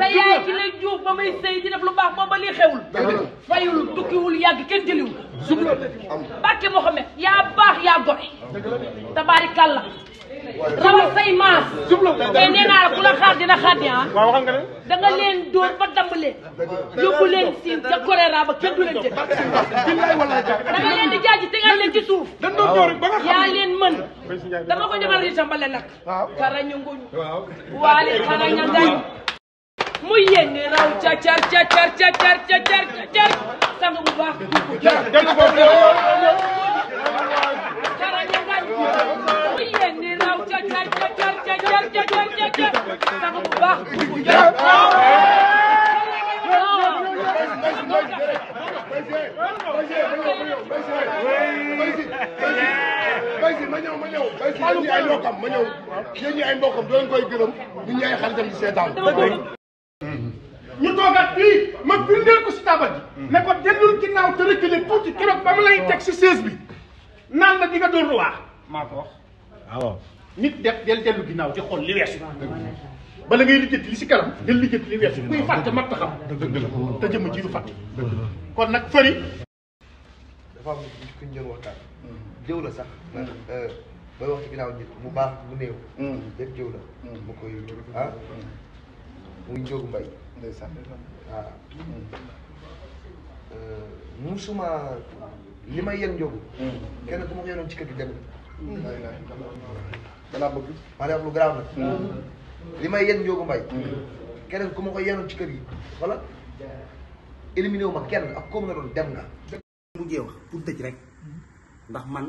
sa yaay ki la juuf ba may sëy di def lu baax booba lii xewul fayul tukkiwul yàgg kenn jëliwul bàkke Mohamed yaa baax yaa gore tabaarikàlla rawal say maas mais nee naa la ku xaar dina xaar di ah da leen dóor ba damb leen yóbbu leen siin ca choléra ba kenn du leen jël da leen di jaaji tegal leen ci suuf yaa leen mën dama ko ñamal ritam ba leen nag karañu nguñ waali karaña ngañ raw car car car car car car car car car sang bu baax cara ñu ngañ mu yéen ni raw car car car car car car car sang bu baax ma ñëw ma ñëw bay si ñi ay mbokkam ma ñëw yéen ñi ay mbokkam doo leen koy gërëm ñu ñi ay xaritam di seetaan ñu toogaat fii ma firndeel ko si taabal ji. Mm. ne ko dellul ginnaaw te reculer tuuti keroog ba mu lay teg si chaise bi naan la di nga dóor lu waax. maa ko wax waaw. nit def del dellu ginnaaw di xool li weesu. bala ngay lijjanti li si kanam del lijjanti li weesu a fàtte mat xam. dëgg la te jëmm ji du fàtte. kon nag fëri. dafa am ku ñu muy Njóogu Mbay ndeysaan waaw musuma li may yen Njóogu kenn ku ma ko yenoon ci kër gi dem danaa bëgg maa lu grave li may yen Njóogu Mbay kenn ku ma ko yenoon ci kër gi walla éliminé wu ma kenn ak koom nga doon dem nga mujjee wax pour tëj rek ndax man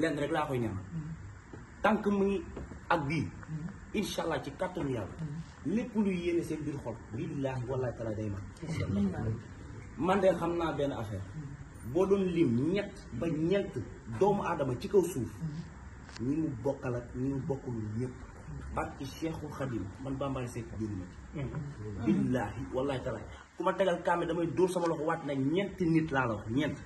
lenn rek laa koy ñaanal tant que ak bii incha ci kàttanu yàlla lépp luy yéene seen biir xol billaahi wallaahi taala day man man de xam naa benn affaire boo doon lim ñett ba ñeent doomu aadama ci kaw suuf ñi mu bokkal ak ñi mu bokkul ñëpp barki Cheikhul Khadim man bambaay seet juruma ci billaahi wallaahi taala ku ma tegal kaame damay dóor sama loxo waat na ñeent nit laa la wax ñeent